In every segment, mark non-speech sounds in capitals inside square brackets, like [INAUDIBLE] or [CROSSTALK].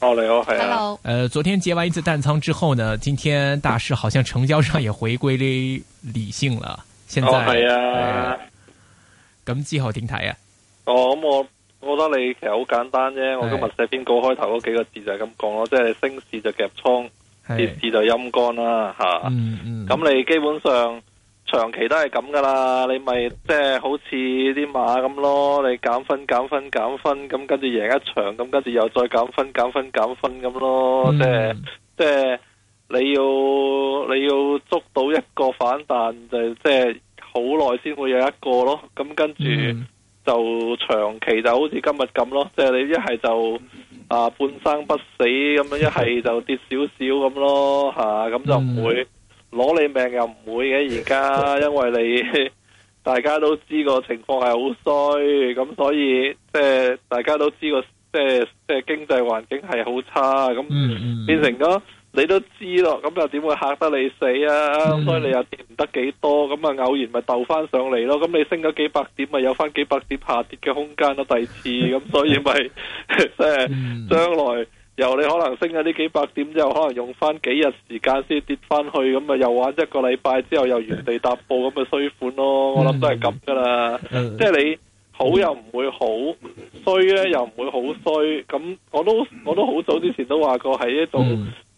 哦，你好係，誒、啊 Hello. 呃，昨天結完一次淡倉之後呢，今天大市好像成交上也回歸理性了。現在係、哦、啊，咁之、呃、後點睇啊？哦，咁、嗯、我我覺得你其實好簡單啫，我今日寫篇稿開頭嗰幾個字就係咁講咯，是即係升市就夾倉，跌市就陰乾啦吓。嗯嗯，咁你基本上，長期都係咁噶啦，你咪即係好似啲馬咁咯，你減分減分減分，咁跟住贏一場，咁跟住又再減分減分減分咁咯，即係即係你要你要捉到一個反彈，就即係好耐先會有一個咯，咁跟住就長期就好似今日咁咯，即係你一係就啊半生不死咁樣，一係就跌少少咁咯，嚇，啊，咁就唔會。嗯攞你命又唔會嘅，而家因為你大家都知個情況係好衰，咁所以即係大家都知個即係即係經濟環境係好差，咁變成咗你都知咯，咁又點會嚇得你死啊？所以你又跌唔得幾多，咁啊偶然咪斗翻上嚟咯。咁你升咗幾百點，咪有翻幾百點下跌嘅空間咯，第二次咁，所以咪即係將來。由你可能升咗呢幾百點之後，可能用翻幾日時間先跌翻去，咁啊又玩一個禮拜之後又原地踏步咁嘅衰款咯，我諗都係咁噶啦。 [LAUGHS] 即係你好又唔會好，衰咧又唔會好衰。咁我都我都好早之前都話過喺呢度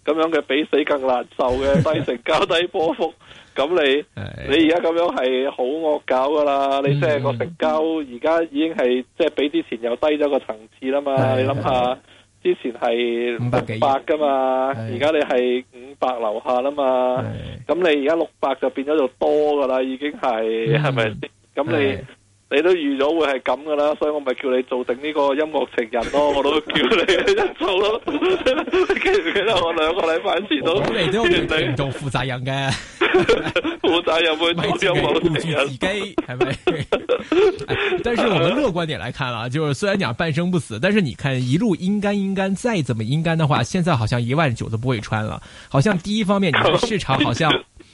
咁樣嘅比死更難受嘅 [LAUGHS] 低成交低波幅。咁你 [LAUGHS] 你而家咁樣係好惡搞噶啦！ [LAUGHS] 你即係個成交而家已經係即係比之前又低咗個層次啦嘛？ [LAUGHS] 你諗下。之前係五百噶嘛，而家的你係五百樓下啦嘛，咁你而家六百就變咗就多噶啦，已經係係咪咁你？你都預咗會係咁噶啦，所以我咪叫你做定呢個音樂情人咯，我都叫你一做咯。記唔記得我兩個禮拜前都？你都唔對團隊負責任嘅，負責任去你。音樂情人。自己係咪？但係我們樂觀點來看啊，就係雖然講半生不死，但係你看一路陰乾陰乾，再怎麼陰乾嘅話，現在好像一萬九都不會穿了。好像第一方面，你個市場好像。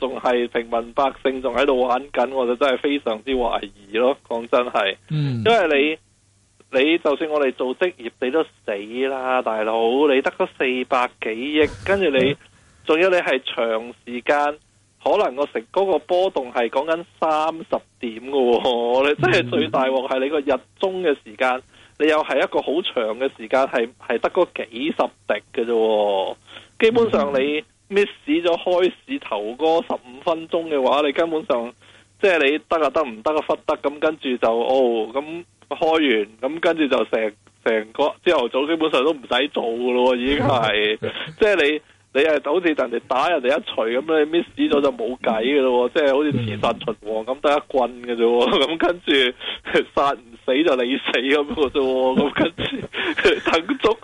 仲係平民百姓，仲喺度玩緊，我就真係非常之懷疑咯。講真係，嗯、因為你你就算我哋做職業，你都死啦，大佬！你得咗四百幾億，跟住你，仲要、嗯、你係長時間，可能個成嗰個波動係講緊三十點嘅、哦，你真係最大鑊係你個日中嘅時間，嗯、你又係一個好長嘅時間，係係得嗰幾十滴嘅啫、哦，基本上你。嗯 miss 咗開市頭嗰十五分鐘嘅話，你根本上即係你得啊，得唔得啊，忽得咁跟住就哦咁開完，咁跟住就成成個朝頭早基本上都唔使做噶咯，已經係即係你你係好似人哋打人哋一錘咁你 miss 咗就冇計噶咯，即係好似刺殺秦王咁得一棍噶啫，咁跟住殺唔死就你死咁個啫，咁跟住等足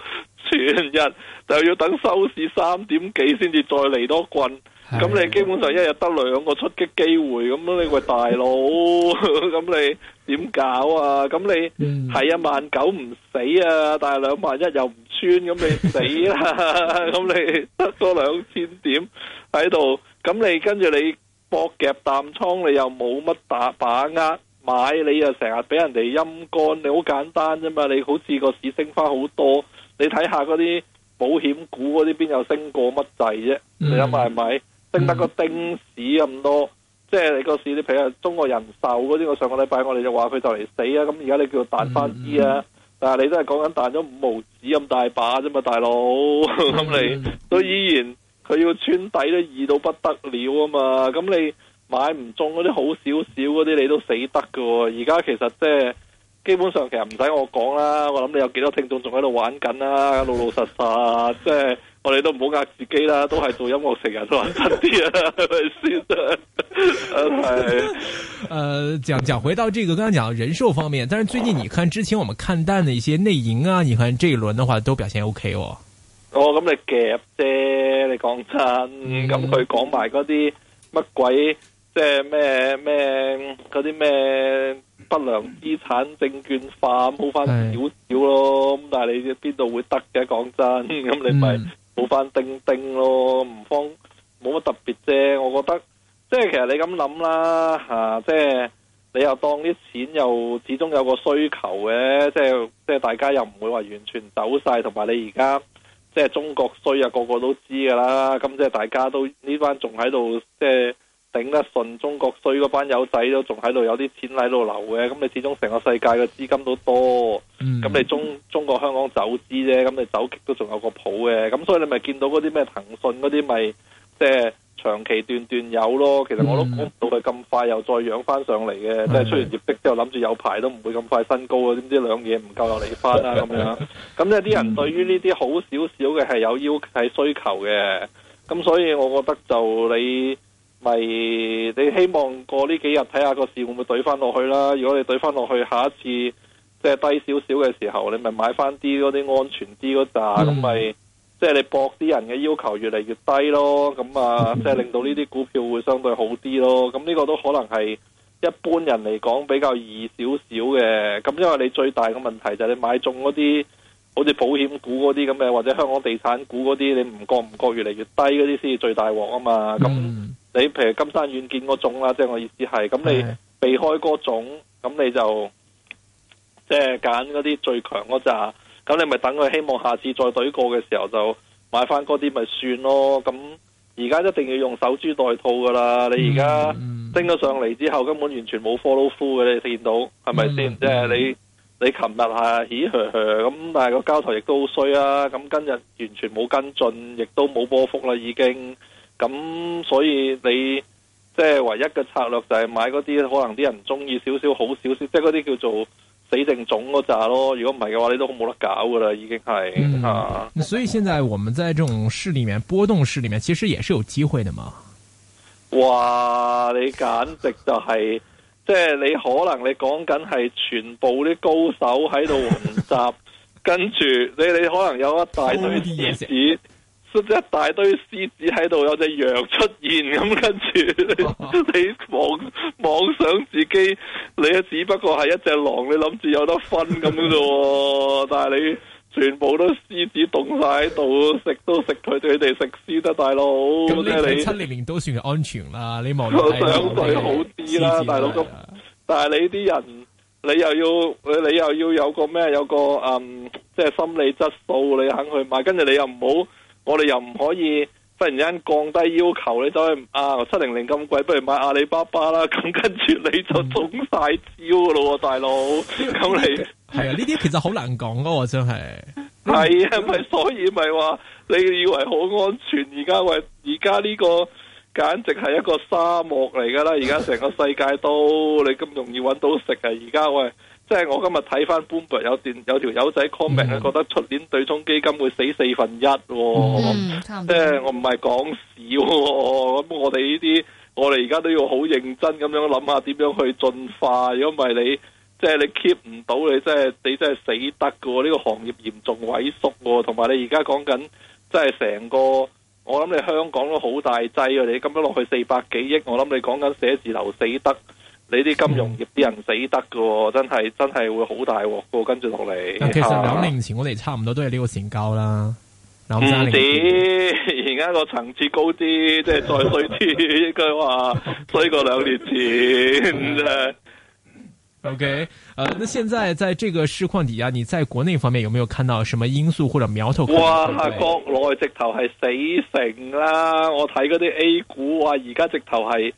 全日。就要等收市三點幾先至再嚟多棍，咁的你基本上一日得兩個出擊機會，咁你喂，大佬，咁 [LAUGHS] [LAUGHS] 你點搞啊？咁你係一萬九唔死啊？但係兩萬一又唔穿，咁你死啦！咁 [LAUGHS] [LAUGHS] 你得多兩千點喺度，咁你跟住你搏夾淡倉，你又冇乜大把握，買你又成日俾人哋陰乾，你好簡單啫嘛！你好似個市升翻好多，你睇下嗰啲。保險股嗰啲邊有升過乜滯啫？你諗下，係咪、嗯？升得個丁屎咁多，嗯、即係你個市你譬如說中國人壽嗰啲，我上個禮拜我哋就話佢就嚟死現在啊！咁而家你叫佢彈翻啲啊？嗯、但係你都係講緊彈咗五毛紙咁大把啫嘛，大佬！咁、嗯、 [LAUGHS] 你都依然佢要穿底都易到不得了啊嘛！咁你買唔中嗰啲好少少嗰啲，你都死得噶！而家其實即、就、係、是。基本上其實唔使我講啦，我諗你有幾多聽眾仲喺度玩緊啦，老老實實，即係我哋都唔好呃自己啦，都係做音樂成日都係得意啊，係咪 [LAUGHS] ？誒，講講回到呢個，剛才講的人壽方面，但係最近你看之前我們看淡嘅一些內營啊，你看這一輪的話都表現 OK 哦。哦、oh，嗯，咁你夾啫，你講真的，咁佢講埋嗰啲乜鬼，即係咩咩嗰啲咩？不良資產證券化，冇翻少少咯。咁是但係你邊度會得嘅？講真，咁你咪冇翻釘釘咯。唔、嗯、方冇乜特別啫。我覺得即係其實你咁諗啦吓、啊，即係你又當啲錢又始終有個需求嘅。即係即係大家又唔會話完全走晒，同埋你而家即係中國衰啊，個個都知噶啦。咁即係大家都呢班仲喺度即係。頂得順，中國衰嗰班友仔都仲喺度，有啲錢喺度流嘅。咁你始終成個世界嘅資金都多，咁、嗯、你中中國香港走資啫。咁你走極都仲有個譜嘅。咁所以你咪見到嗰啲咩騰訊嗰啲，咪即係長期段段有咯。其實我都估唔到佢咁快又再養翻上嚟嘅，即係出完業績之後，諗住有排都唔會咁快新高知不知不來啊。點知兩嘢唔夠又嚟翻啦咁樣。咁即係啲人對於呢啲好少少嘅係有要係需求嘅。咁所以，我覺得就你。咪你希望過呢幾日睇下個市會唔會懟翻落去啦？如果你懟翻落去，下一次即係低少少嘅時候，你咪買翻啲嗰啲安全啲嗰紮，咁咪、mm hmm. 即係你搏啲人嘅要求越嚟越低咯。咁啊，即係、mm hmm. 令到呢啲股票會相對好啲咯。咁呢個都可能係一般人嚟講比較易少少嘅。咁因為你最大嘅問題就係你買中嗰啲好似保險股嗰啲咁嘅，或者香港地產股嗰啲，你唔覺唔覺越嚟越低嗰啲先至最大鑊啊嘛。咁、mm hmm. 你譬如金山軟件嗰種啦，即係我意思係，咁你避開嗰種，咁的你就即係揀嗰啲最強嗰扎，咁你咪等佢，希望下次再懟過嘅時候就買翻嗰啲咪算咯。咁而家一定要用守株待兔噶啦，你而家升咗上嚟之後，根本完全冇 follow through 嘅，你見到係咪先？即係你你琴日係起起咁，但係個交投亦都好衰啊。咁今日完全冇跟進，亦都冇波幅啦，已經。咁所以你即係唯一嘅策略就係買嗰啲可能啲人中意少少好少少，即係嗰啲叫做死剩種嗰扎咯。如果唔係嘅話，你都冇得搞噶啦，已經係。嗯啊、所以現在我們在這種市裏面波動市裏面，其實也是有機會的嘛。哇！你簡直就係、是，即係你可能你講緊係全部啲高手喺度雲集， [LAUGHS] 跟住你你可能有一大堆啲嘢。一大堆獅子喺度，有隻羊出現咁，跟住你，你，你妄妄想自己你啊，只不過係一隻狼，你諗住有得分咁啫喎。 [LAUGHS] 但係你全部都獅子棟晒喺度，食都食佢哋食獅得大佬。咁你七零年都算係安全啦，你望住對好啲啦，大佬哥。是啊、但係你啲人，你又要你，你又要有個咩？有個嗯，即係心理質素，你肯去買。跟住你又唔好。我哋又唔可以忽然間降低要求，你走去啊七零零咁貴，不如買阿里巴巴啦。咁跟住你就中晒招咯，嗯、大佬哥。咁你係啊？呢啲其實好難講咯， [LAUGHS] 真係的。係啊，咪所以咪話你以為好安全？而家喂，而家呢個簡直係一個沙漠嚟噶啦！而家成個世界都你咁容易搵到食啊！而家喂。即係我今日睇翻 Bloomberg 有條有條友仔 comment 咧，覺得出年對沖基金會死四分一喎、哦。即係、嗯呃、我唔係講笑喎、哦。咁我哋呢啲，我哋而家都要好認真咁樣諗下點樣去進化。如果唔係你，即係你 keep 唔到你，真係你真係死得噶喎、哦。呢、這個行業嚴重萎縮喎、哦。同埋你而家講緊，即係成個我諗你香港都好大劑啊！你咁樣落去四百幾億，我諗你講緊寫字樓死得。你啲金融業啲人死得噶、哦嗯，真係真係會好大鑊噶，跟住落嚟。但其實兩年前我哋差唔多都係呢個成交啦。嗱唔止，而家個層次高啲，即係 [LAUGHS] 再衰啲，應該話衰過兩年前。O K，誒，咁現在在這個市況底下，你在國內方面有沒有看到什麼因素或者苗頭對對？哇，國內直頭係死城啦！我睇嗰啲 A 股啊，而家直頭係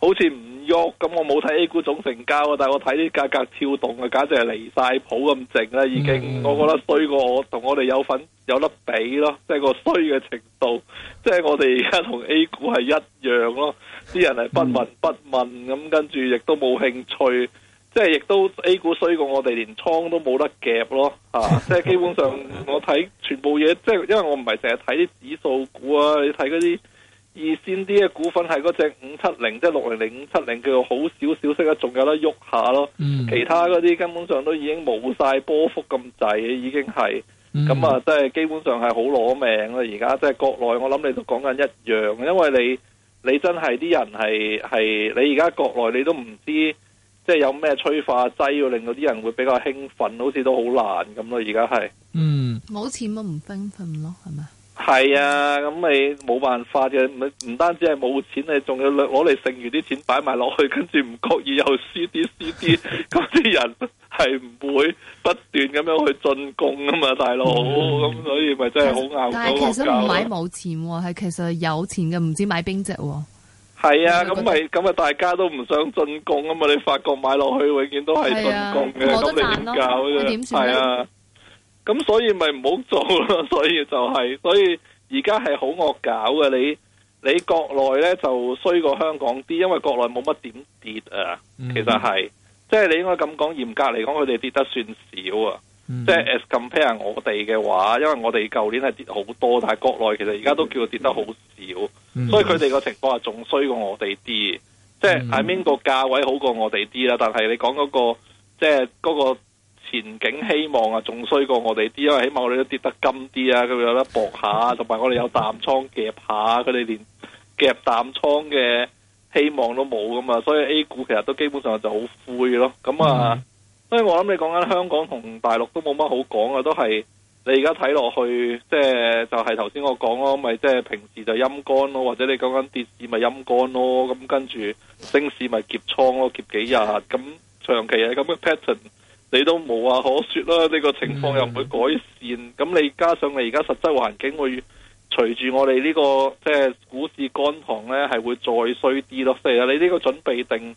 好似唔。喐咁，我冇睇 A 股總成交啊，但係我睇啲價格跳動啊，簡直係離晒譜咁靜啦，已經我覺得衰過我同我哋有份有得比咯，即係個衰嘅程度，即係我哋而家同 A 股係一樣咯，啲人係不聞不問咁， [LAUGHS] 跟住亦都冇興趣，即係亦都 A 股衰過我哋，連倉都冇得夾咯，吓，即係基本上我睇全部嘢，即係因為我唔係成日睇啲指數股啊，你睇嗰啲。二線啲嘅股份係嗰隻五七零，即係六零零五七零，叫做好少少息啊，仲有得喐下咯。嗯、其他嗰啲根本上都已經冇晒波幅咁滯，已經係咁啊，即係、嗯、基本上係好攞命咯。而家即係國內，我諗你都講緊一樣，因為你你真係啲人係係你而家國內你都唔知，即係有咩催化劑要令到啲人會比較興奮，好似都好難咁咯。而家係嗯，冇錢都唔興奮咯，係咪？係啊，咁你冇辦法嘅，唔唔單止係冇錢，你仲要攞嚟剩餘啲錢擺埋落去，跟住唔覺意又輸啲輸啲，咁啲 [LAUGHS] 人係唔會不斷咁樣去進攻啊嘛，大佬，咁 [LAUGHS] 所以咪真係好拗骨硬，但係其實買冇錢喎，啊，係其實有錢嘅唔知買邊隻喎。係啊，咁咪咁大家都唔想進攻啊嘛，你發覺買落去永遠都係進攻嘅，咁你點搞？佢點算啊？咁所以咪唔好做咯，所以就係、是，所以而家係好惡搞嘅你，你國內咧就衰過香港啲，因為國內冇乜點跌啊，mm hmm. 其實係，即係你應該咁講，嚴格嚟講，佢哋跌得算少啊，mm hmm. 即係 as compare 我哋嘅話，因為我哋舊年係跌好多，但係國內其實而家都叫跌得好少，mm hmm. 所以佢哋嘅情況係仲衰過我哋啲，即係喺邊個價位好過我哋啲啦，但係你講嗰個即係嗰個。就是那個前景希望啊，仲衰過我哋啲，因為起碼我哋都跌得金啲啊，佢有得搏下，同埋我哋有淡倉夾下，佢哋連夾淡倉嘅希望都冇咁嘛。所以 A 股其實都基本上就好灰咯。咁啊，嗯、所以我諗你講緊香港同大陸都冇乜好講啊，都係你而家睇落去，即係就係頭先我講咯，咪即係平時就陰乾咯，或者你講緊跌市咪陰乾咯，咁跟住升市咪夾倉咯，夾幾日咁長期係咁嘅 pattern。你都冇話可說啦，呢、這個情況又唔會改善。咁、嗯、你加上你而家實質環境會隨住我哋呢、這個即係、就是、股市干行呢，係會再衰啲咯。譬如你呢個準備定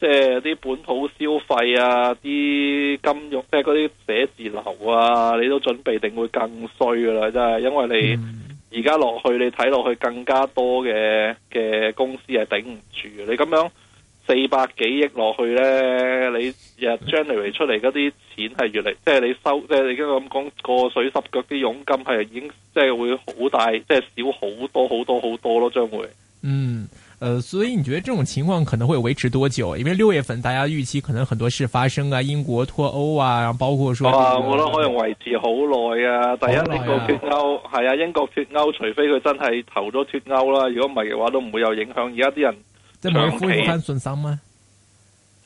即係啲本土消費啊，啲金融，即係嗰啲寫字樓啊，你都準備定會更衰㗎喇，真係，因為你而家落去，你睇落去更加多嘅嘅公司係頂唔住，你咁樣。四百幾億落去咧，你日日 generate 出嚟嗰啲錢係越嚟，即係你收，即係你而家咁講過水濕腳啲佣金係已經，即係會好大，即係少好多好多好多咯，將會。嗯，誒、呃，所以你覺得這種情況可能會維持多久？因為六月份大家預期可能很多事發生啊，英國脱歐啊，包括說，這個啊，我覺得可能維持好耐啊。啊第一，英國脱歐係啊，啊，英國脱歐，除非佢真係投咗脱歐啦，如果唔係嘅話，都唔會有影響。而家啲人。即信心長期？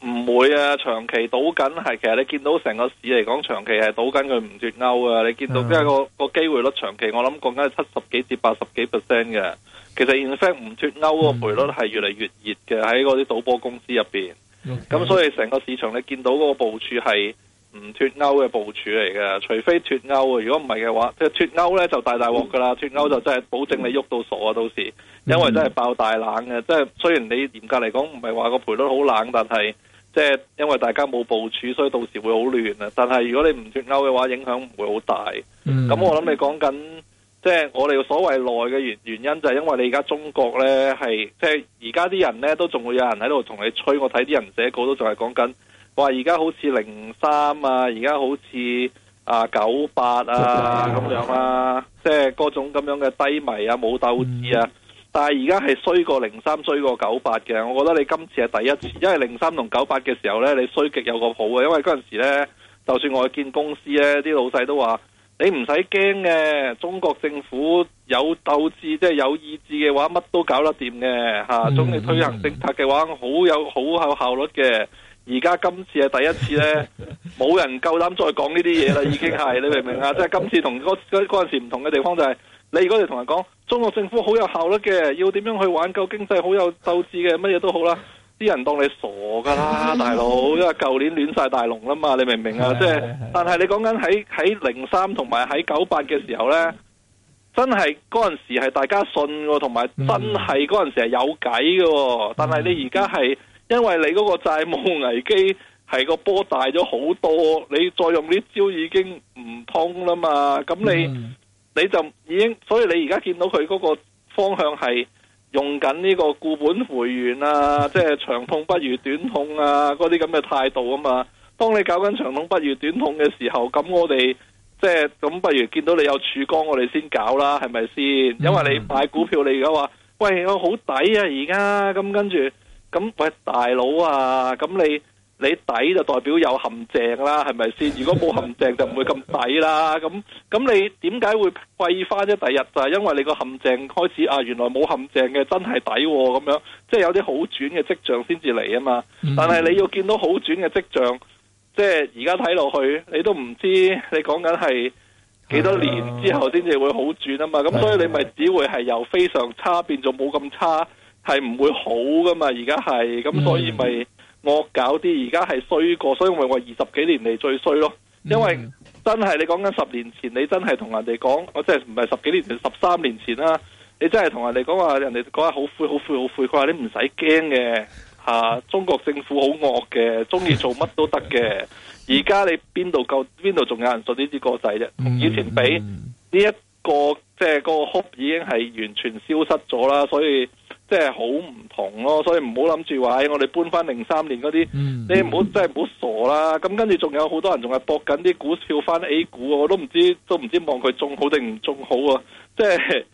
唔會啊！長期賭緊係，其實你見到成個市嚟講，長期係賭緊佢唔脱歐啊！你見到即係、嗰個、嗰個機會率長期我想，我諗講緊係七十幾至八十幾 percent 嘅。其實 expect 唔脱歐個賠率係越嚟越熱嘅，喺嗰啲賭波公司入邊。咁 Okay. 所以成個市場你見到嗰個部署係。唔脱歐嘅部署嚟嘅，除非脱歐啊！如果唔係嘅話，即係脱歐咧就大大鑊噶啦，脱歐、嗯、就真係保證你喐到傻啊！嗯、到時，因為真係爆大冷嘅，嗯、即係雖然你嚴格嚟講唔係話個賠率好冷，但係即係因為大家冇部署，所以到時會好亂啊！但係如果你唔脱歐嘅話，影響唔會好大。咁、嗯嗯、我諗你講緊即係我哋所謂內嘅原原因，就係因為你而家中國咧係即係而家啲人咧都仲會有人喺度同你吹，我睇啲人寫稿都仲係講緊。話而家好似零三啊，而家好似啊九八啊咁 [LAUGHS] 樣啦、啊，即、就、係、是、各種咁樣嘅低迷啊、冇鬥志啊，嗯、但係而家係衰過零三、衰過九八嘅。我覺得你今次係第一次，因為零三同九八嘅時候呢，你衰極有個好嘅，因為嗰陣時呢就算我去見公司呢啲老細都話你唔使驚嘅，中國政府有鬥志，即係有意志嘅話，乜都搞得掂嘅吓。總、啊、之、嗯、推行政策嘅話，好有好有效率嘅。而家今次係第一次呢，冇人夠膽再講呢啲嘢啦，已經係你明唔明啊？ [LAUGHS] 即係今次同嗰嗰陣時唔同嘅地方就係、是，你如果要同人講中國政府好有效率嘅，要點樣去挽救經濟好有鬥志嘅，乜嘢都好啦，啲人當你傻噶啦，大佬，因為舊年亂晒大龍啦嘛，你明唔明啊？是是是即係，但係你講緊喺喺零三同埋喺九八嘅時候呢，真係嗰陣時係大家信嘅，同埋真係嗰陣時係有計嘅，但係你而家係。因為你嗰個債務危機係個波大咗好多，你再用啲招已經唔通啦嘛，咁你、mm hmm. 你就已經，所以你而家見到佢嗰個方向係用緊呢個固本回元啊，即係長痛不如短痛啊，嗰啲咁嘅態度啊嘛。當你搞緊長痛不如短痛嘅時候，咁我哋即係咁，不如見到你有曙光我，我哋先搞啦，係咪先？Hmm. 因為你買股票，你而家話喂，我好抵啊，而家咁跟住。咁喂大佬啊，咁你你抵就代表有陷阱啦，係咪先？如果冇陷阱就唔會咁抵啦。咁咁 [LAUGHS] 你點解會貴翻啫？第日就係因為你個陷阱開始啊，原來冇陷阱嘅真係抵咁、啊、樣，即係有啲好轉嘅迹象先至嚟啊嘛。但係你要見到好轉嘅迹象，即係而家睇落去，你都唔知你講緊係幾多年之後先至會好轉啊嘛。咁的所以你咪只會係由非常差變做冇咁差。係唔會好噶嘛？而家係咁，hmm. 所以咪惡搞啲。而家係衰過，所以我咪話二十幾年嚟最衰咯。因為真係你講緊十年前，你真係同人哋講，我真係唔係十幾年，十三年前啦，你真係同人哋講話，人哋講話好灰、好灰、好灰。佢話你唔使驚嘅吓，中國政府好惡嘅，中意做乜都得嘅。而家你邊度夠，邊度仲有人做呢啲歌仔啫？同以前比，呢一、mm hmm. 這個即係嗰個 hope 已經係完全消失咗啦，所以。即係好唔同咯，所以唔好諗住話，我哋搬翻零三年嗰啲，你唔好即係唔好傻啦。咁跟住仲有好多人仲係搏緊啲股票翻 A 股，我都唔知都唔知望佢中好定唔中好啊！即係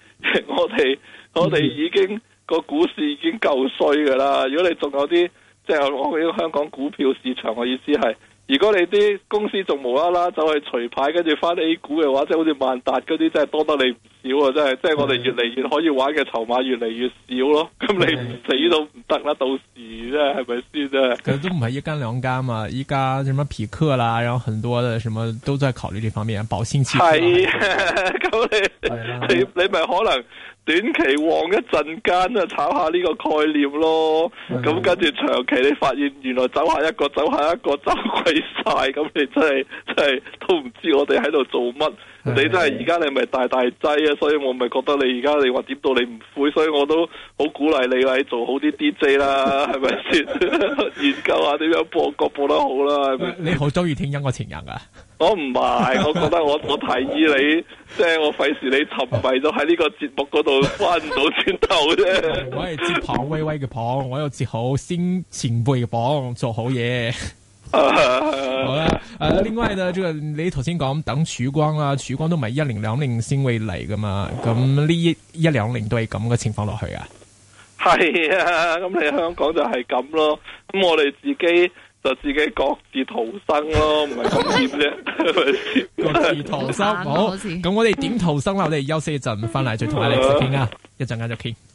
我哋我哋已經、嗯、個股市已經夠衰噶啦。如果你仲有啲即係我講香港股票市場，我意思係。如果你啲公司仲無啦啦走去除牌，跟住翻 A 股嘅話，即係好似萬達嗰啲，真係多得你唔少啊！真係，即係我哋越嚟越可以玩嘅籌碼越嚟越少咯。咁你唔死都唔得啦，的到時即係咪先，其實佢都唔係一間兩間啊，一間什麼匹克啦，然後很多嘅，什麼都在考慮呢方面，保新氣、啊。係咁的的你的你的你咪可能？短期旺一陣間啊，炒下呢個概念咯。咁跟住長期，你發現原來走下一個，走下一個走鬼晒。咁你真係真係都唔知我哋喺度做乜。你真係而家你咪大大劑啊，所以我咪覺得你而家你話點到你唔悔，所以我都好鼓勵你啦，你做好啲 DJ 啦，係咪先？ [LAUGHS] 研究下點樣播歌，播得好啦。你好中意聽音樂前人噶？ [LAUGHS] 我唔係，我覺得我我提議你，即係我費事你沉迷咗喺呢個節目嗰度翻唔到轉頭啫。我係接棒威威嘅棒，我要接好先前輩嘅棒，做好嘢。好啦，誒，另外呢，呢 [NOISE] 你頭先講等曙光啦，啊，曙光都唔係一年兩年先會嚟噶嘛，咁呢一兩年都係咁嘅情況落去啊。係啊，咁你香港就係咁咯，咁我哋自己就自己各自逃生咯，唔係咩？各自逃生好，咁我哋點逃生啦？我哋休息一陣，翻嚟再同你哋傾啊，一陣間就傾。 [NOISE]